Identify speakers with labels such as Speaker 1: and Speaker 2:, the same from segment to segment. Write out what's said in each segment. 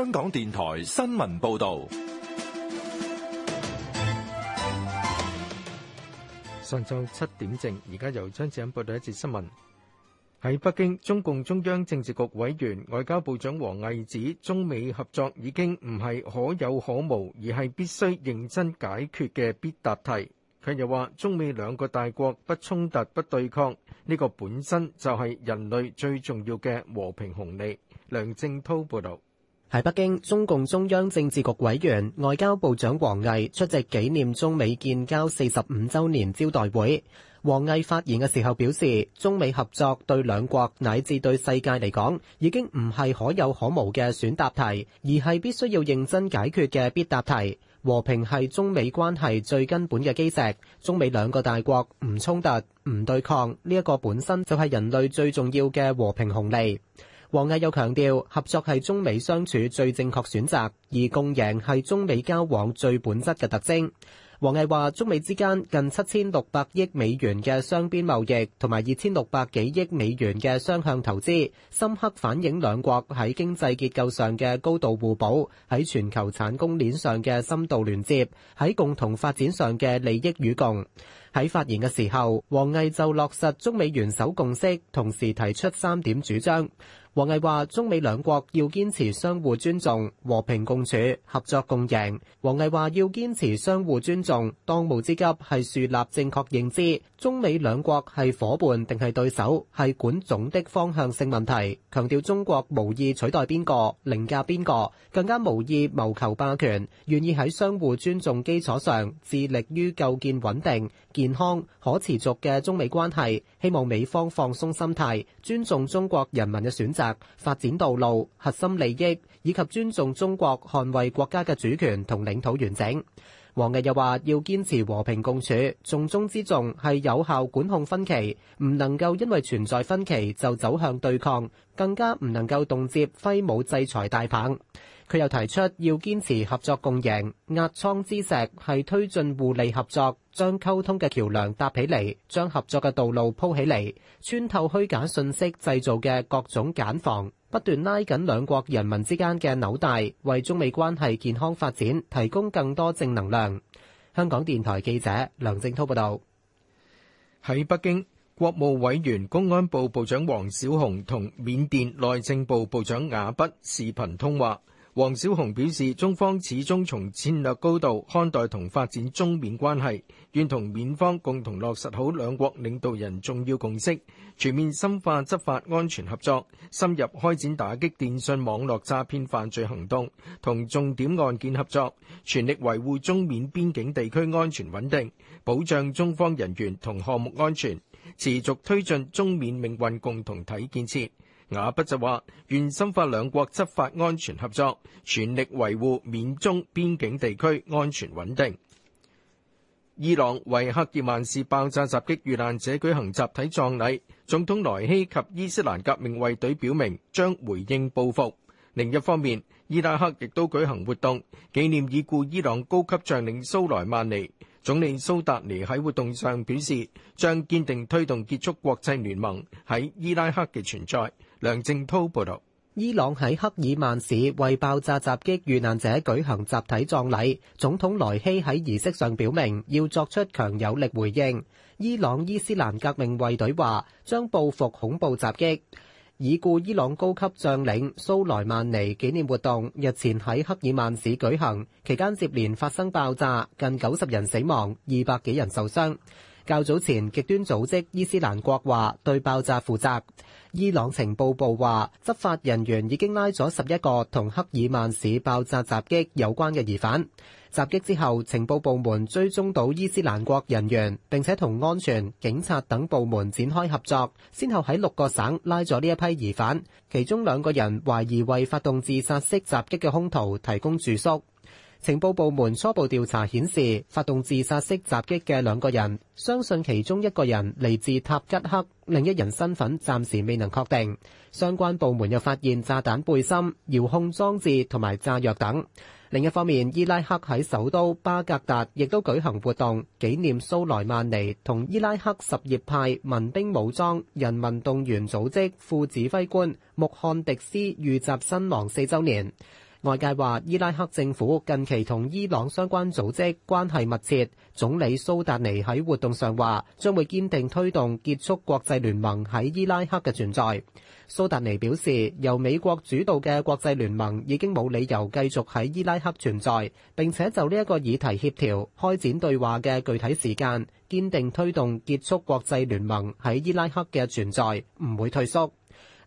Speaker 1: 香港電台新聞報道，上晝七點正，而家由張志欣報道一節新聞。喺北京，中共中央政治局委員外交部長王毅指，中美合作已經唔係可有可無，而係必須認真解決嘅必答題。佢又話，中美兩個大國不衝突、不對抗，呢個本身就係人類最重要嘅和平紅利。梁正濤報道。
Speaker 2: 喺北京，中共中央政治局委員、外交部長王毅出席紀念中美建交四十五周年招待會。王毅發言嘅時候表示，中美合作對兩國乃至對世界嚟講，已經唔係可有可無嘅選答題，而係必須要認真解決嘅必答題。和平係中美關係最根本嘅基石，中美兩個大國唔衝突、唔對抗，呢一個本身就係人類最重要嘅和平紅利。王毅又強調，合作係中美相處最正確選擇，而共贏係中美交往最本質嘅特徵。王毅話，中美之間近七千六百億美元嘅雙邊貿易，同埋二千六百幾億美元嘅雙向投資，深刻反映兩國喺經濟結構上嘅高度互補，喺全球產供鏈上嘅深度連接，喺共同發展上嘅利益與共。喺發言嘅時候，王毅就落實中美元首共識，同時提出三點主張。王毅話：中美兩國要堅持相互尊重、和平共處、合作共贏。王毅話：要堅持相互尊重，當務之急係樹立正確認知，中美兩國係夥伴定係對手，係管總的方向性問題。強調中國無意取代邊個，凌駕邊個，更加無意謀求霸權，願意喺相互尊重基礎上，致力於構建穩定、健康、可持續嘅中美關係，希望美方放鬆心態，尊重中國人民嘅選擇、發展道路、核心利益，以及尊重中國捍衛國家嘅主權同領土完整。王毅又話，要堅持和平共處，重中之重係有效管控分歧，唔能夠因為存在分歧就走向對抗，更加唔能夠動輒揮舞制裁大棒。佢又提出要堅持合作共贏壓艙之石，係推進互利合作，將溝通嘅橋樑搭起嚟，將合作嘅道路鋪起嚟，穿透虛假信息製造嘅各種繭房，不斷拉緊兩國人民之間嘅紐帶，為中美關係健康發展提供更多正能量。香港電台記者梁正濤報道。喺北京，
Speaker 1: 國務委員，公安部部長王小洪同緬甸內政部部長雅丕視頻通話。王小洪表示，中方始終從戰略高度看待同發展中緬關係，願同緬方共同落實好兩國領導人重要共識，全面深化執法安全合作，深入開展打擊電信網絡詐騙犯罪行動，同重點案件合作，全力維護中緬邊境地區安全穩定，保障中方人員同項目安全，持續推進中緬命運共同體建設。雅不就話願深化兩國執法安全合作，全力維護緬中邊境地區安全穩定。伊朗為克爾曼市爆炸襲擊遇難者舉行集體葬禮，總統萊希及伊斯蘭革命衛隊表明將回應報復。另一方面，伊拉克亦都舉行活動紀念已故伊朗高級將領蘇萊曼尼，總理蘇達尼喺活動上表示將堅定推動結束國際聯盟喺伊拉克嘅存在。梁靜濤報道：
Speaker 2: 伊朗喺克爾曼市為爆炸襲擊遇難者舉行集體葬禮，總統萊希喺儀式上表明要作出強有力回應。伊朗伊斯蘭革命衛隊話將報復恐怖襲擊。已故伊朗高級將領蘇萊曼尼紀念活動日前喺克爾曼市舉行，期間接連發生爆炸，近九十人死亡，二百幾人受傷。較早前，極端組織伊斯蘭國話對爆炸負責。伊朗情報部話，執法人員已經拉咗十一個同克爾曼市爆炸襲擊有關嘅疑犯。襲擊之後，情報部門追蹤到伊斯蘭國人員，並且同安全、警察等部門展開合作，先後喺六個省拉咗呢一批疑犯，其中兩個人懷疑為發動自殺式襲擊嘅兇徒提供住宿。情報部門初步調查顯示，發動自殺式襲擊嘅兩個人相信其中一個人嚟自塔吉克，另一人身份暫時未能確定。相關部門又發現炸彈背心、遙控裝置同埋炸藥等。另一方面，伊拉克喺首都巴格達亦都舉行活動紀念蘇萊曼尼同伊拉克什葉派民兵武裝人民動員組織副指揮官穆罕迪斯遇襲身亡四週年。外界話伊拉克政府近期同伊朗相關組織關係密切。總理蘇達尼喺活動上話，將會堅定推動結束國際聯盟喺伊拉克嘅存在。蘇達尼表示，由美國主導嘅國際聯盟已經冇理由繼續喺伊拉克存在。並且就呢一個議題協調開展對話嘅具體時間，堅定推動結束國際聯盟喺伊拉克嘅存在，唔會退縮。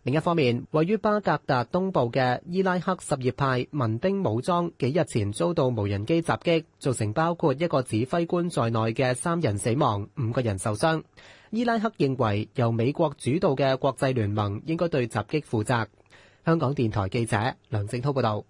Speaker 2: 另一方面，位於巴格達東部嘅伊拉克什葉派民兵武裝幾日前遭到無人機襲擊，造成包括一個指揮官在內嘅三人死亡，五個人受傷。伊拉克認為由美國主導嘅國際聯盟應該對襲擊負責。香港電台記者梁正滔報道。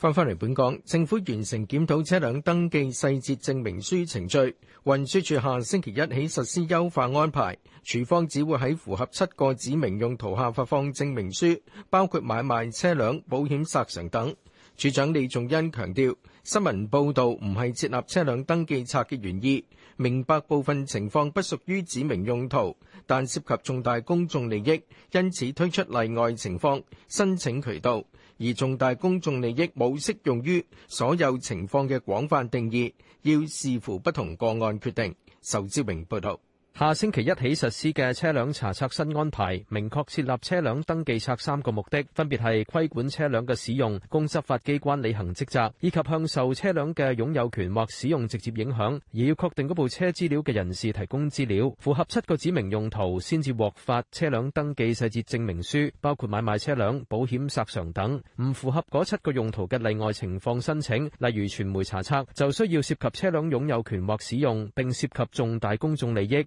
Speaker 1: 翻返嚟本港，政府完成檢討車輛登記細節證明書程序，運輸署下星期一起實施優化安排，處方只會喺符合七個指明用途下發放證明書，包括買賣車輛、保險賠償等。署長李仲恩強調，新聞報導唔係設立車輛登記冊嘅原意，明白部分情況不屬於指明用途，但涉及重大公眾利益，因此推出例外情況申請渠道。而重大公眾利益冇適用於所有情況嘅廣泛定義，要視乎不同個案決定。仇志榮報道。下星期一起實施嘅車輛查冊新安排，明
Speaker 3: 確設立車輛登記冊三個目的，分別係規管車輛嘅使用、供執法機關履行職責，以及向受車輛嘅擁有權或使用直接影響而要確定嗰部車資料嘅人士提供資料。符合七個指明用途先至獲發車輛登記細節證明書，包括買賣車輛、保險、索償等。唔符合嗰七個用途嘅例外情況申請，例如傳媒查冊，就需要涉及車輛擁有權或使用，並涉及重大公眾利益。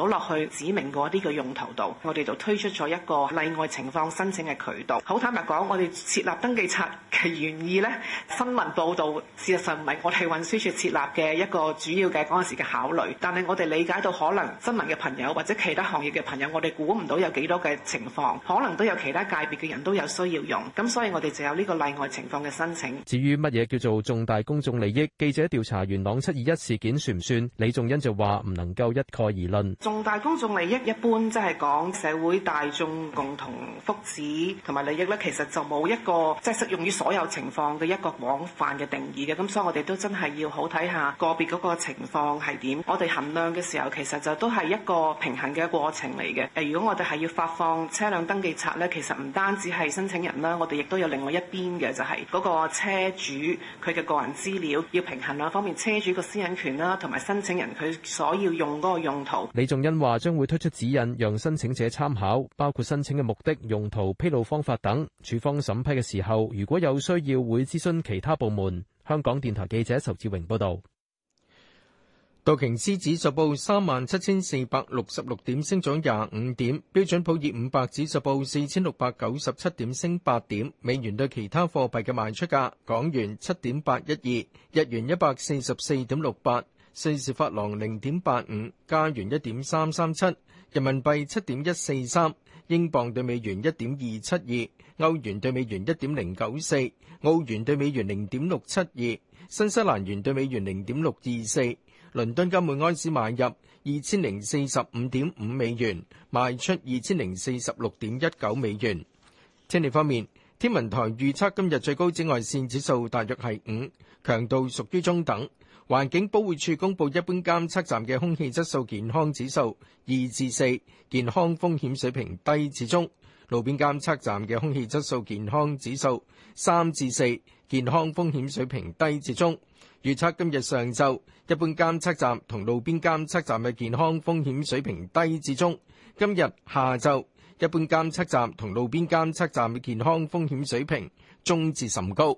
Speaker 4: 攞落去指明嗰啲嘅用途度，我哋就推出咗一個例外情況申請嘅渠道。好坦白講，我哋設立登記冊嘅原意咧，新聞報道事實上唔係我哋運輸署設立嘅一個主要嘅嗰陣時嘅考慮，但係我哋理解到可能新聞嘅朋友或者其他行業嘅朋友，我哋估唔到有幾多嘅情況可能都有其他界別嘅人都有需要用。咁所以我哋就有呢個例外情況嘅申請。
Speaker 1: 至於
Speaker 3: 乜嘢叫做重大公眾利益？記者調查元朗七二一事件算唔算？李仲恩就話唔能夠一概而論。
Speaker 4: 重大公眾利益一般即係講社會大眾共同福祉同埋利益呢，其實就冇一個即係適用於所有情況嘅一個廣泛嘅定義嘅，咁所以我哋都真係要好睇下個別嗰個情況係點。我哋衡量嘅時候其實就都係一個平衡嘅過程嚟嘅。誒，如果我哋係要發放車輛登記冊呢，其實唔單止係申請人啦，我哋亦都有另外一邊嘅，就係嗰個車主佢嘅個人資料要平衡兩方面，車主個私隱權啦，同埋申請人佢所要用嗰個用途。
Speaker 3: 你仲？因話將會推出指引，讓申請者參考，包括申請嘅目的、用途、披露方法等。處方審批嘅時候，如果有需要，會諮詢其他部
Speaker 1: 門。香港電台記者仇志榮報導。道瓊斯指數報三萬七千四百六十六點，升漲廿五點。標準普爾五百指數報四千六百九十七點，升八點。美元對其他貨幣嘅賣出價：港元七點八一二，日元一百四十四點六八。瑞士法郎零點八五，加元一點三三七，人民幣七點一四三，英鎊對美元一點二七二，歐元對美元一點零九四，澳元對美元零點六七二，新西蘭元對美元零點六二四。倫敦金每安士買入二千零四十五點五美元，賣出二千零四十六點一九美元。天氣方面，天文台預測今日最高紫外線指數大約係五。強度屬於中等。環境保護署公布一般監測站嘅空氣質素健康指數二至四，健康風險水平低至中；路邊監測站嘅空氣質素健康指數三至四，健康風險水平低至中。預測今日上晝一般監測站同路邊監測站嘅健康風險水平低至中；今日下晝一般監測站同路邊監測站嘅健康風險水平中至甚高。